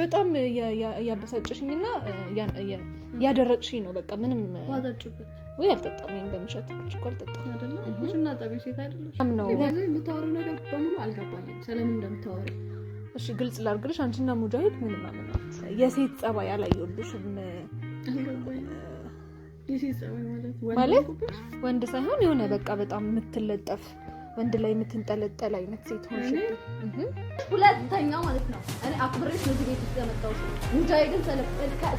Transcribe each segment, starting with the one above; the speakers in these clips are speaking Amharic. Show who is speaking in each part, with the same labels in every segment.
Speaker 1: በጣም ያበሳጭሽኝ እና ያደረቅሽኝ ነው። በቃ ምንም ወይ አልጠጣም፣ ወይም በምሸት እኮ አልጠጣም
Speaker 2: ነው ነገር በሙሉ
Speaker 1: እሺ። ግልጽ ላድርግልሽ፣ አንቺና ሙጃሂድ ምንም አምናት የሴት ጸባይ አላየሁልሽም። ማለት ወንድ ሳይሆን የሆነ በቃ በጣም የምትለጠፍ ወንድ ላይ የምትንጠለጠል አይነት ሴት ሆንሽ። ሁለተኛው ማለት ነው እኔ አክብሬሽ እዚህ ቤት ውስጥ ያመጣሁሽ ሙጃሂድን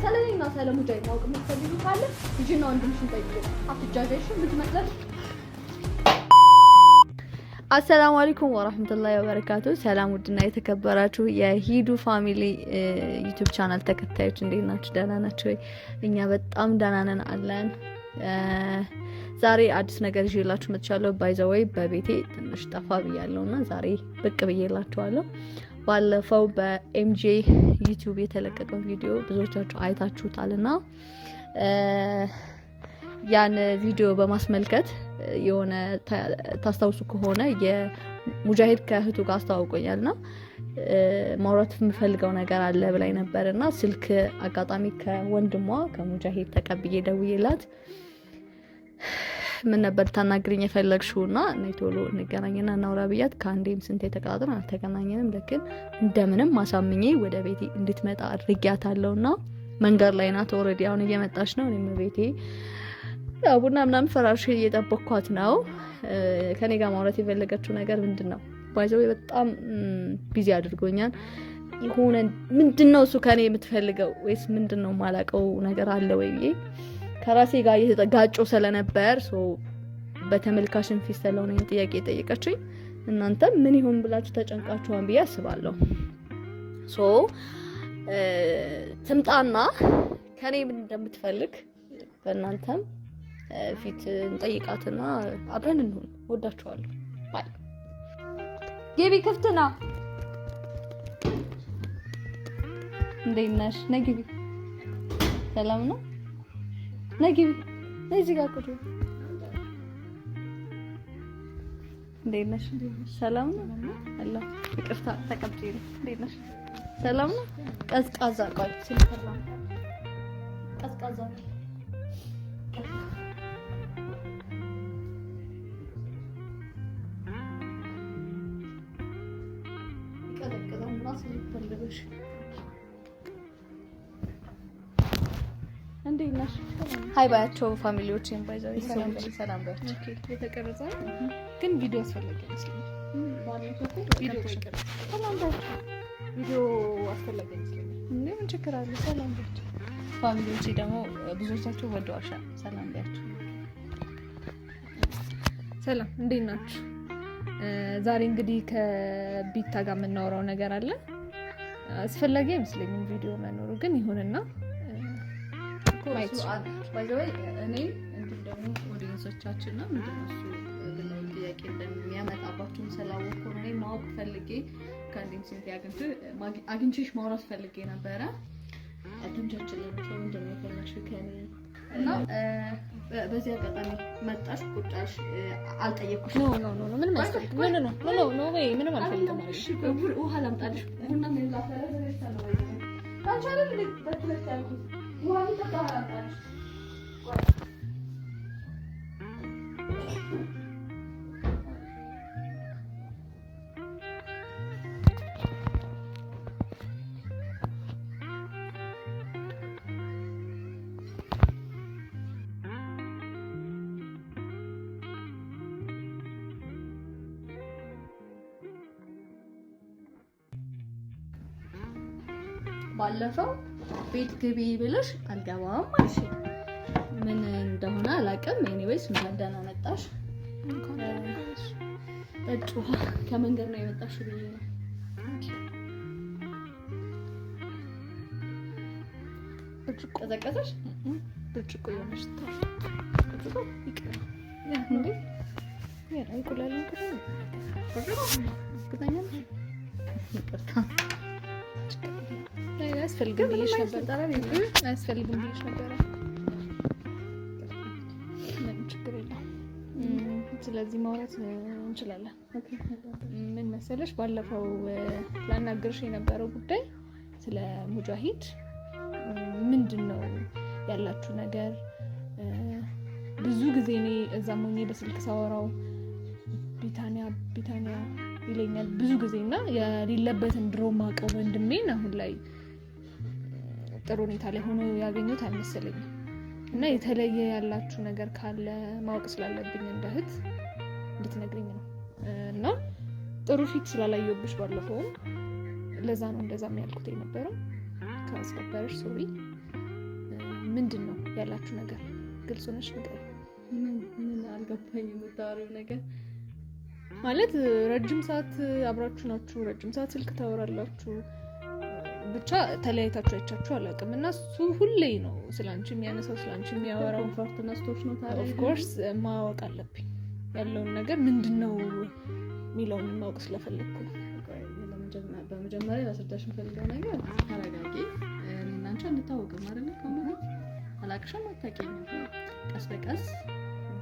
Speaker 1: ስለኔና ስለ ሙጃሂድ ማወቅ የምትፈልጉ ካለ ልጅና ወንድምሽን ጠይቁ። አትጃጃይሽም ልጅ አሰላሙ አለይኩም ወራህመቱላሂ ወበረካቱ። ሰላም ውድና የተከበራችሁ የሂዱ ፋሚሊ ዩቲዩብ ቻናል ተከታዮች እንዴት ናችሁ? ደህና ናችሁ ወይ? እኛ በጣም ደህና ነን አለን ዛሬ አዲስ ነገር ይዤላችሁ መጥቻለሁ። ባይዘወይ በቤቴ ትንሽ ጠፋ ብያለሁ እና ዛሬ ብቅ ብዬላችኋለሁ። ባለፈው በኤምጄ ዩቲዩብ የተለቀቀው ቪዲዮ ብዙዎቻችሁ አይታችሁታል እና ያን ቪዲዮ በማስመልከት የሆነ ታስታውሱ ከሆነ የሙጃሂድ ከእህቱ ጋር አስተዋውቆኛል እና ማውራት የምፈልገው ነገር አለ ብላኝ ነበር እና ስልክ አጋጣሚ ከወንድሟ ከሙጃሂድ ተቀብዬ ደውዬላት ምን ነበር ታናግርኝ የፈለግሽው? እና እኔ ቶሎ እንገናኝና እናውራ ብያት ከአንዴም ስንት የተቀጣጥን አልተገናኘንም። ልክን እንደምንም አሳምኜ ወደ ቤቴ እንድትመጣ አለው እና መንገድ ላይ ናት ኦልሬዲ፣ አሁን እየመጣች ነው። እኔም ቤቴ ቡና ምናምን ፈራርሽ እየጠበኳት ነው። ከኔ ጋር ማውራት የፈለገችው ነገር ምንድን ነው? ባይዘው በጣም ቢዚ አድርጎኛል። የሆነ ምንድን ነው እሱ ከኔ የምትፈልገው ወይስ ምንድን ነው? ማላቀው ነገር አለ ወይ ብዬ ከራሴ ጋር እየተጋጮ ስለነበር በተመልካችን ፊት ስለሆነ ጥያቄ የጠየቀችኝ እናንተ ምን ይሆን ብላችሁ ተጨንቃችኋን ብዬ አስባለሁ። ሶ ትምጣና ከኔ ምን እንደምትፈልግ በእናንተም ፊት እንጠይቃትና አብረን እንሁን። ወዳችኋለሁ። ባይ ገቢ ክፍት ነው። እንዴት ነሽ? ነይ ሰላም ነው። ነይ ግቢ። ነይ እዚህ ጋር ቁጭ። እንዴት ነሽ? ሰላም ነው? ይቅርታ ተቀብጪ። እንዴት ነሽ? ሰላም ነው? ቀዝቃዛ ቆይ ቀዝቃዛ እንዴት ነሽ? ሀይ ባያቸው ፋሚሊዎች ሰላም ባያቸው
Speaker 2: የተቀረጸ ግን ቪዲዮ አስፈላጊ ይመስለኛል። ቪዲዮ አስፈላጊ ይመስለኛል።
Speaker 1: ምን ችግር አለ? ሰላም ባያቸው ፋሚሊዎች ደግሞ ብዙዎቻቸው ወደዋሻ ሰላም ቢያቸው ሰላም እንዴት ናችሁ? ዛሬ እንግዲህ ከቢታ ጋር የምናወራው ነገር አለ። አስፈላጊ አይመስለኝም ቪዲዮ መኖሩ ግን ይሁንና
Speaker 2: ማየት ባይዘወይ እኔም እንዲሁም ደግሞ ኦዲየንሶቻችን ነው ምንድነው ብለውን ጥያቄ እንደሚያመጣባቸውን ስላወቅኩ እኔ ማወቅ ፈልጌ ከአንዴም ስንት አግኝቼ አግኝቼሽ ማውራት ፈልጌ ነበረ። አግኝቻችን ለምሳሌ ምንድነው እና በዚህ አጋጣሚ መጣሽ ቁጫሽ አልጠየቅኩሽ።
Speaker 1: ኖ ኖ ኖ ምን ማስፈልግ ምን ነው ኖ ኖ ወይ ምንም
Speaker 2: አልፈልግም። እሺ ቡል ውሃ ላምጣልሽ ቡና ምን ላፈረ ነው ያለው ታቻለ ልክ በትለሽ ያልኩት ውሃ ልጠጣ አላምጣልሽ
Speaker 1: ባለፈው ቤት ግቢ ብሎሽ አልገባም አልሽኝ። ምን እንደሆነ አላውቅም። ኤኒዌይስ እንኳን ደህና መጣሽ። ጠጭ ውሃ ከመንገድ ነው የመጣሽ ብዬ ነው። ቀዘቀዘሽ? ብርጭቆ ብርጭቆ አያስፈልግም ብዬሽ ነበረ። ስለዚህ ማውራት እንችላለን። ምን መሰለሽ፣ ባለፈው ላናግርሽ የነበረው ጉዳይ ስለ ሙጃሂድ ምንድን ነው ያላችሁ ነገር? ብዙ ጊዜ እኔ እዛ ሆኜ በስልክ ሳወራው ቢታንያ ቢታንያ ይለኛል ብዙ ጊዜ እና የሌለበትን ድሮ ማቀው ወንድሜን አሁን ላይ ጥሩ ሁኔታ ላይ ሆኖ ያገኙት አልመሰለኝም። እና የተለየ ያላችሁ ነገር ካለ ማወቅ ስላለብኝ እንደ እህት እንድትነግሪኝ ነው። እና ጥሩ ፊት ስላላየሁብሽ ባለፈውም ለዛ ነው እንደዛ ያልኩት የነበረው። ከአስከበረሽ ሶሪ። ምንድን ነው ያላችሁ ነገር? ግልጽ ሆነሽ ንገሪኝ።
Speaker 2: ምን አልገባኝ የምታወሪው ነገር
Speaker 1: ማለት ረጅም ሰዓት አብራችሁ ናችሁ፣ ረጅም ሰዓት ስልክ ታወራላችሁ ብቻ ተለያይታችሁ አይቻችሁ አላውቅም። እና እሱ ሁሌ ነው ስለአንቺ የሚያነሳው ስለአንቺ የሚያወራው
Speaker 2: ፓርትነስቶች ነው።
Speaker 1: ታዲያ ኦፍኮርስ ማወቅ አለብኝ ያለውን ነገር ምንድን ነው የሚለውን ማወቅ ስለፈለግኩ
Speaker 2: በመጀመሪያ ላስረዳሽ የምፈልገው ነገር ተረጋጊ። እኔና አንቺ እንታወቅም አይደለ? አላቅሽም፣ አታውቂኝም። ቀስ በቀስ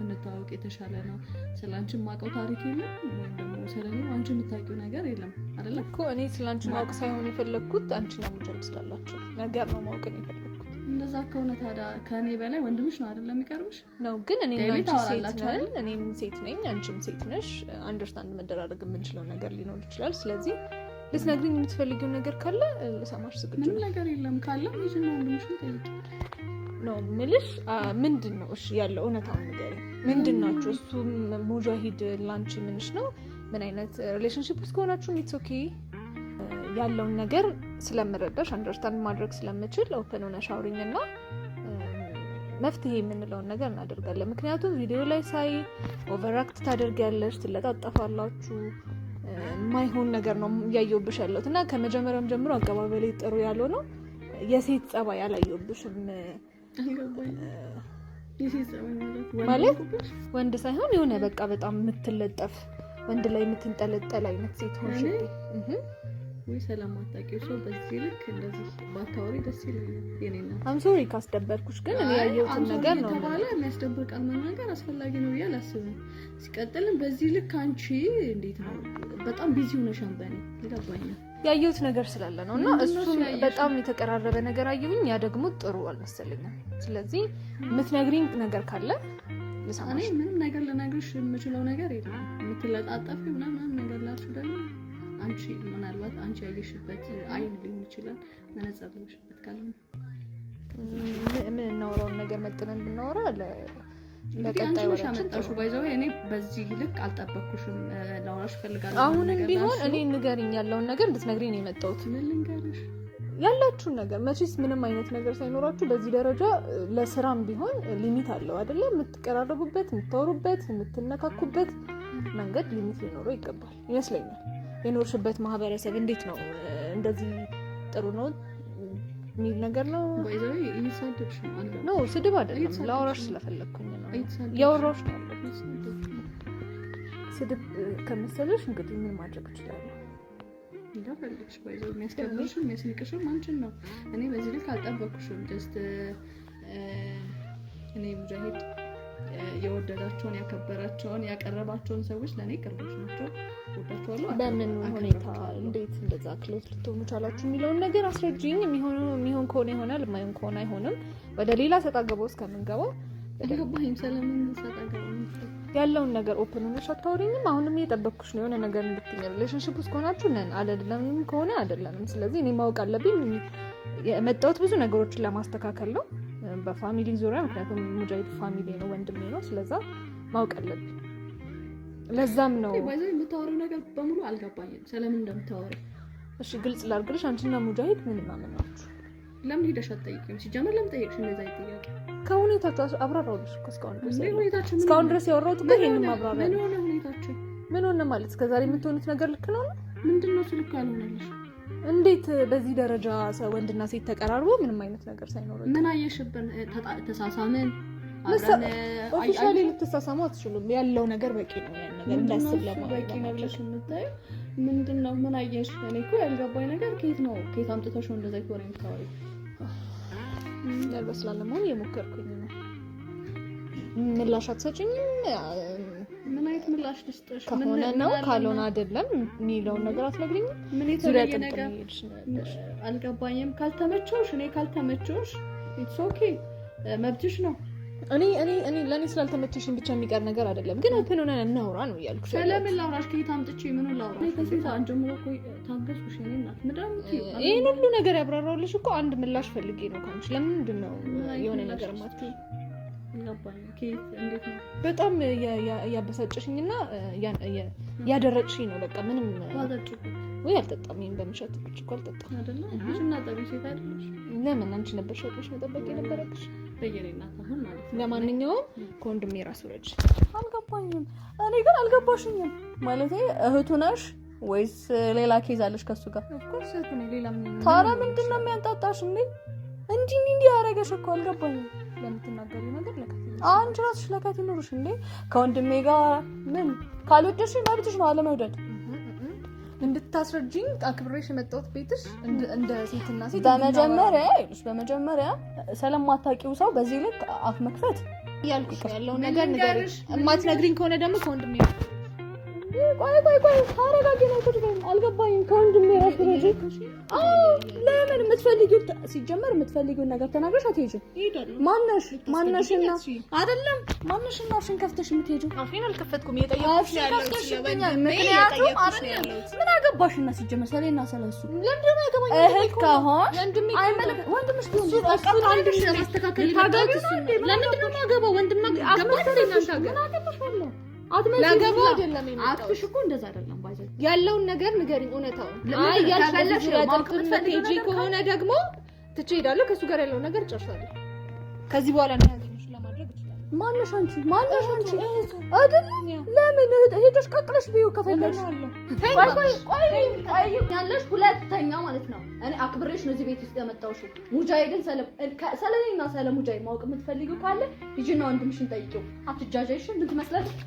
Speaker 2: ብንተዋወቅ የተሻለ ነው። ስለ አንቺ የማውቀው ታሪክ የለም ወይም ደግሞ ስለ አንቺ የምታውቂው ነገር የለም
Speaker 1: አይደለ እኮ። እኔ ስለ አንቺ ማወቅ ሳይሆን የፈለግኩት አንቺ ነው የምንጨርስ ስላላችሁ ነገር ነው ማወቅ የፈለግኩት።
Speaker 2: እንደዛ ከሆነ ታዲያ ከእኔ በላይ ወንድምሽ ነው አይደለ የሚቀርብሽ?
Speaker 1: ነው ግን እኔ እኔም ሴት ነኝ፣ አንቺም ሴት ነሽ። አንደርስታንድ መደራረግ የምንችለው ነገር ሊኖር ይችላል። ስለዚህ ልትነግሪኝ የምትፈልጊው ነገር ካለ ልሰማሽ ዝግጁ። ምንም ነገር
Speaker 2: የለም ካለ ይዝና ወንድምሽ ነው ጠይቂ።
Speaker 1: ነው ምልሽ። ምንድን ነው እሺ ያለው እውነታው ነገር ምንድን ናቸው እሱ ሙጃሂድ ላንቺ ምንሽ ነው? ምን አይነት ሪሌሽንሽፕ ውስጥ ከሆናችሁ ኢትስ ኦኬ ያለውን ነገር ስለምረዳሽ አንደርስታንድ ማድረግ ስለምችል ኦፕን ሆነ ሻውሪኝ እና መፍትሄ የምንለውን ነገር እናደርጋለን። ምክንያቱም ቪዲዮ ላይ ሳይ ኦቨራክት ታደርጊያለሽ፣ ትለጣጠፋላችሁ፣ የማይሆን ነገር ነው እያየውብሽ ያለሁት እና ከመጀመሪያም ጀምሮ አቀባበሌ ጥሩ ያለው ነው የሴት ጸባይ አላየውብሽም ማለት ወንድ ሳይሆን የሆነ በቃ በጣም የምትለጠፍ ወንድ ላይ የምትንጠለጠል አይነት ሴት ሆንሽ
Speaker 2: ወይ ሰላም አታውቂው ሰው በዚህ ልክ እንደዚህ ባታወሪ ደስ ይለኛል።
Speaker 1: አም ሶሪ ካስደበርኩሽ፣ ግን እኔ ያየሁትን ነገር ነው ተባለ።
Speaker 2: የሚያስደብር ቃል መናገር አስፈላጊ ነው ብዬ አላስብም። ሲቀጥልም በዚህ ልክ አንቺ እንዴት ነው በጣም ቢዚ ሆነሻል። በእኔ ይገባኛል
Speaker 1: ያየሁት ነገር ስላለ ነው እና እሱም በጣም የተቀራረበ ነገር አየሁኝ። ያ ደግሞ ጥሩ አልመሰለኝም። ስለዚህ የምትነግሪኝ ነገር ካለ
Speaker 2: እኔ ምንም ነገር ልነግርሽ የምችለው ነገር የለም። የምትለጣጠፊ ምናምን ነገር ላችሁ ደግሞ አንቺ ምናልባት አንቺ ያየሽበት አይን ሊሆን ይችላል። መነጸር ሽበት ካለ
Speaker 1: ምን እናወራውን ነገር መጥነን ብናወራ እኔ አሁንም ቢሆን እኔ ንገሪኝ ያለውን ነገር እንድትነግሪኝ ነው የመጣሁት። ያላችሁን ነገር መቼስ ምንም አይነት ነገር ሳይኖራችሁ በዚህ ደረጃ ለስራም ቢሆን ሊሚት አለው አይደለ? የምትቀራረቡበት፣ የምታወሩበት፣ የምትነካኩበት መንገድ ሊሚት ሊኖረው ይገባል ይመስለኛል። የኖርሽበት ማህበረሰብ እንዴት ነው እንደዚህ ጥሩ ነው የሚል ነገር ነው ነው ስድብ አይደለም፣ ለአውራሽ ስለፈለግኩኝ የወራዎች ስድብ ከመሰለሽ እንግዲህ ምን ማድረግ እችላለሁ?
Speaker 2: እንዳፈለግሽ ባይዘው የሚያስከብርሽም የሚያስንቅሽም አንቺን ነው። እኔ በዚህ ልክ አልጠበኩሽም። ጀስት እኔ የወደዳቸውን ያከበራቸውን ያቀረባቸውን ሰዎች ለእኔ ቅርቦች ናቸው።
Speaker 1: በምን ሁኔታ እንዴት እንደዛ ክሎት ልትሆኑ ቻላችሁ የሚለውን ነገር አስረጅኝ። የሚሆን ከሆነ ይሆናል፣ የማይሆን ከሆነ አይሆንም። ወደ ሌላ ሰጣ ገባ ውስጥ ከምንገባው ያለውን ነገር ኦፕን ሆነሽ አታወሪኝም። አሁንም እየጠበኩሽ ነው የሆነ ነገር እንድትይኝ። ሪሌሽንሽፕ ውስጥ ከሆናችሁ ነን አይደለም ከሆነ አይደለንም። ስለዚህ እኔ ማወቅ አለብኝ። የመጣሁት ብዙ ነገሮችን ለማስተካከል ነው በፋሚሊ ዙሪያ፣ ምክንያቱም ሙጃሂድ ፋሚሊ ነው ወንድሜ ነው። ስለዛ ማወቅ አለብኝ። ለዛም ነው
Speaker 2: የምታወሪው ነገር በሙሉ አልገባኝም። ስለምን እንደምታወሪ
Speaker 1: እሺ ግልጽ ላድርግልሽ። አንቺና ሙጃሂድ ምን ማመናችሁ
Speaker 2: ለምን ሄደሽ አትጠይቂም? ሲጀመር ለምን ጠየቅሽ? እንደዛ ይጠየቅ።
Speaker 1: ከሁኔታችሁ አብራራሁልሽ እኮ እስካሁን ድረስ እስካሁን ድረስ ያወራሁት እኮ ይሄንም አብራራ ምን ሆነ ሁኔታቸው ምን ሆነ ማለት እስከዛሬ የምትሆኑት ነገር ልክ ነው።
Speaker 2: ምንድን ነው እሱ ልክ ያልሆነልሽ?
Speaker 1: እንዴት በዚህ ደረጃ ወንድና ሴት ተቀራርቦ ምንም አይነት ነገር ሳይኖር
Speaker 2: ምን አየሽብን? ተሳሳምን
Speaker 1: ኦፊሻሊ ልትሳሳሙ አትችሉም። ያለው ነገር በቂ ነው። ያን ነገር እንዳስብ የምታዩ
Speaker 2: ምንድን ነው? ምን አየሽ? እኔ እኮ ያልገባኝ ነገር ከየት ነው ከየት አምጥተሽ ነው እንደዛ ሆነ የምታወሪው?
Speaker 1: ያልበስላለ መሆን የሞከርኩኝ ነው። ምላሽ አትሰጭኝም?
Speaker 2: ምን አይነት ምላሽ ልስጥሽ?
Speaker 1: ከሆነ ነው ካልሆነ አይደለም የሚለውን ነገር አትነግሪኝም?
Speaker 2: ምን የተለየ ነገር አልገባኝም። ካልተመቸውሽ እኔ ካልተመቸውሽ ኢትስ ኦኬ መብትሽ ነው።
Speaker 1: እኔ እኔ እኔ ለእኔ ስላልተመቸሽኝ ብቻ የሚቀር ነገር አይደለም፣ ግን ኦፕን ሆነ እናውራ ነው እያልኩሽ።
Speaker 2: ስለምን ላውራሽ? ከየት አምጥቼ ምን ላውራ?
Speaker 1: ይህን ሁሉ ነገር ያብራራውልሽ እኮ አንድ ምላሽ ፈልጌ ነው ከአንቺ። ለምንድን ነው የሆነ ነገር ማት በጣም ያበሳጨሽኝ እና ያደረቅሽኝ ነው። በቃ ምንም ወይ አልጠጣም። ይሄን በምሸት ብርጭቆ አልጠጣም። ለምን አንቺ ነበር ሸጦች መጠበቅ የነበረብሽ ለማንኛውም ከወንድሜ ራስ ወለድሽ አልገባኝም። እኔ ግን አልገባሽኝም ማለት እህቱ ነሽ ወይስ ሌላ ኬዝ አለሽ ከሱ ጋር?
Speaker 2: ታዲያ
Speaker 1: ምንድን ነው የሚያንጣጣሽ? እንዴ እንዲህ እንዲህ ያደረገሽ እኮ አልገባኝም።
Speaker 2: ለምትናገሪ ነገር
Speaker 1: አንቺ ራስሽ ለከት ይኖርሽ እንዴ። ከወንድሜ ጋር ምን ካልወደድሽ መብትሽ ነው አለመውደድ
Speaker 2: እንድታስረጅኝ አክብሬሽ የመጣሁት ቤትሽ እንደ ሴትና ሴት
Speaker 1: በመጀመሪያ ይሉሽ በመጀመሪያ ስለማታውቂው ሰው በዚህ ልክ አፍ መክፈት
Speaker 2: እያልኩሽ ያለው ነገር ንገሪኝ።
Speaker 1: የማትነግሪኝ ከሆነ ደግሞ ከወንድሜ ቆይ ቆይ ቆይ ታረጋጊ ነው። ቁጭ በይ። አልገባኝም። ከወንድሜ ራስ ብለሽ አዎ። ለምን የምትፈልጊው ሲጀመር የምትፈልጊውን ነገር ተናግረሽ አትሄጂም። ማነሽ ማነሽና አይደለም ማነሽና አፍሽን ከፍተሽ የምትሄጂው?
Speaker 2: አፌን አልከፈትኩም። እየጠየኩሽ ነው ያለሁት። ምክንያቱም
Speaker 1: ምን አገባሽና ሲጀመር ስለኔና ስለሱ
Speaker 2: ለምንድን ነው ያገባኝ?
Speaker 1: እህት ከሆንሽ ወንድምሽ ቢሆን ለማስተካከል ነው ላገባ አይደለም አትሽ እኮ እንደዛ አይደለም። ያለውን ነገር ንገሪኝ፣ እውነታውን። አይ ያልሽ ሄጂ ከሆነ ደግሞ ትቼ እሄዳለሁ። ከእሱ ጋር ያለውን ነገር ጨርሻለሁ። ከዚህ በኋላ ነው ማነሽ አንቺ ማነሽ አንቺ አይደለም። ለምን ሄደሽ ቀቅለሽ ቢዩ ከፈለሽ ያለሽ ሁለተኛ ማለት ነው። እኔ አክብሬሽ ነው እዚህ ቤት ውስጥ ያመጣሁሽ። ሙጃሂድን ስለ እኔና ስለ ሙጃሂድ ማወቅ የምትፈልጊው ካለ ሂጂና ወንድምሽን ጠይቂው። አትጃጃይሽን ልትመስላለች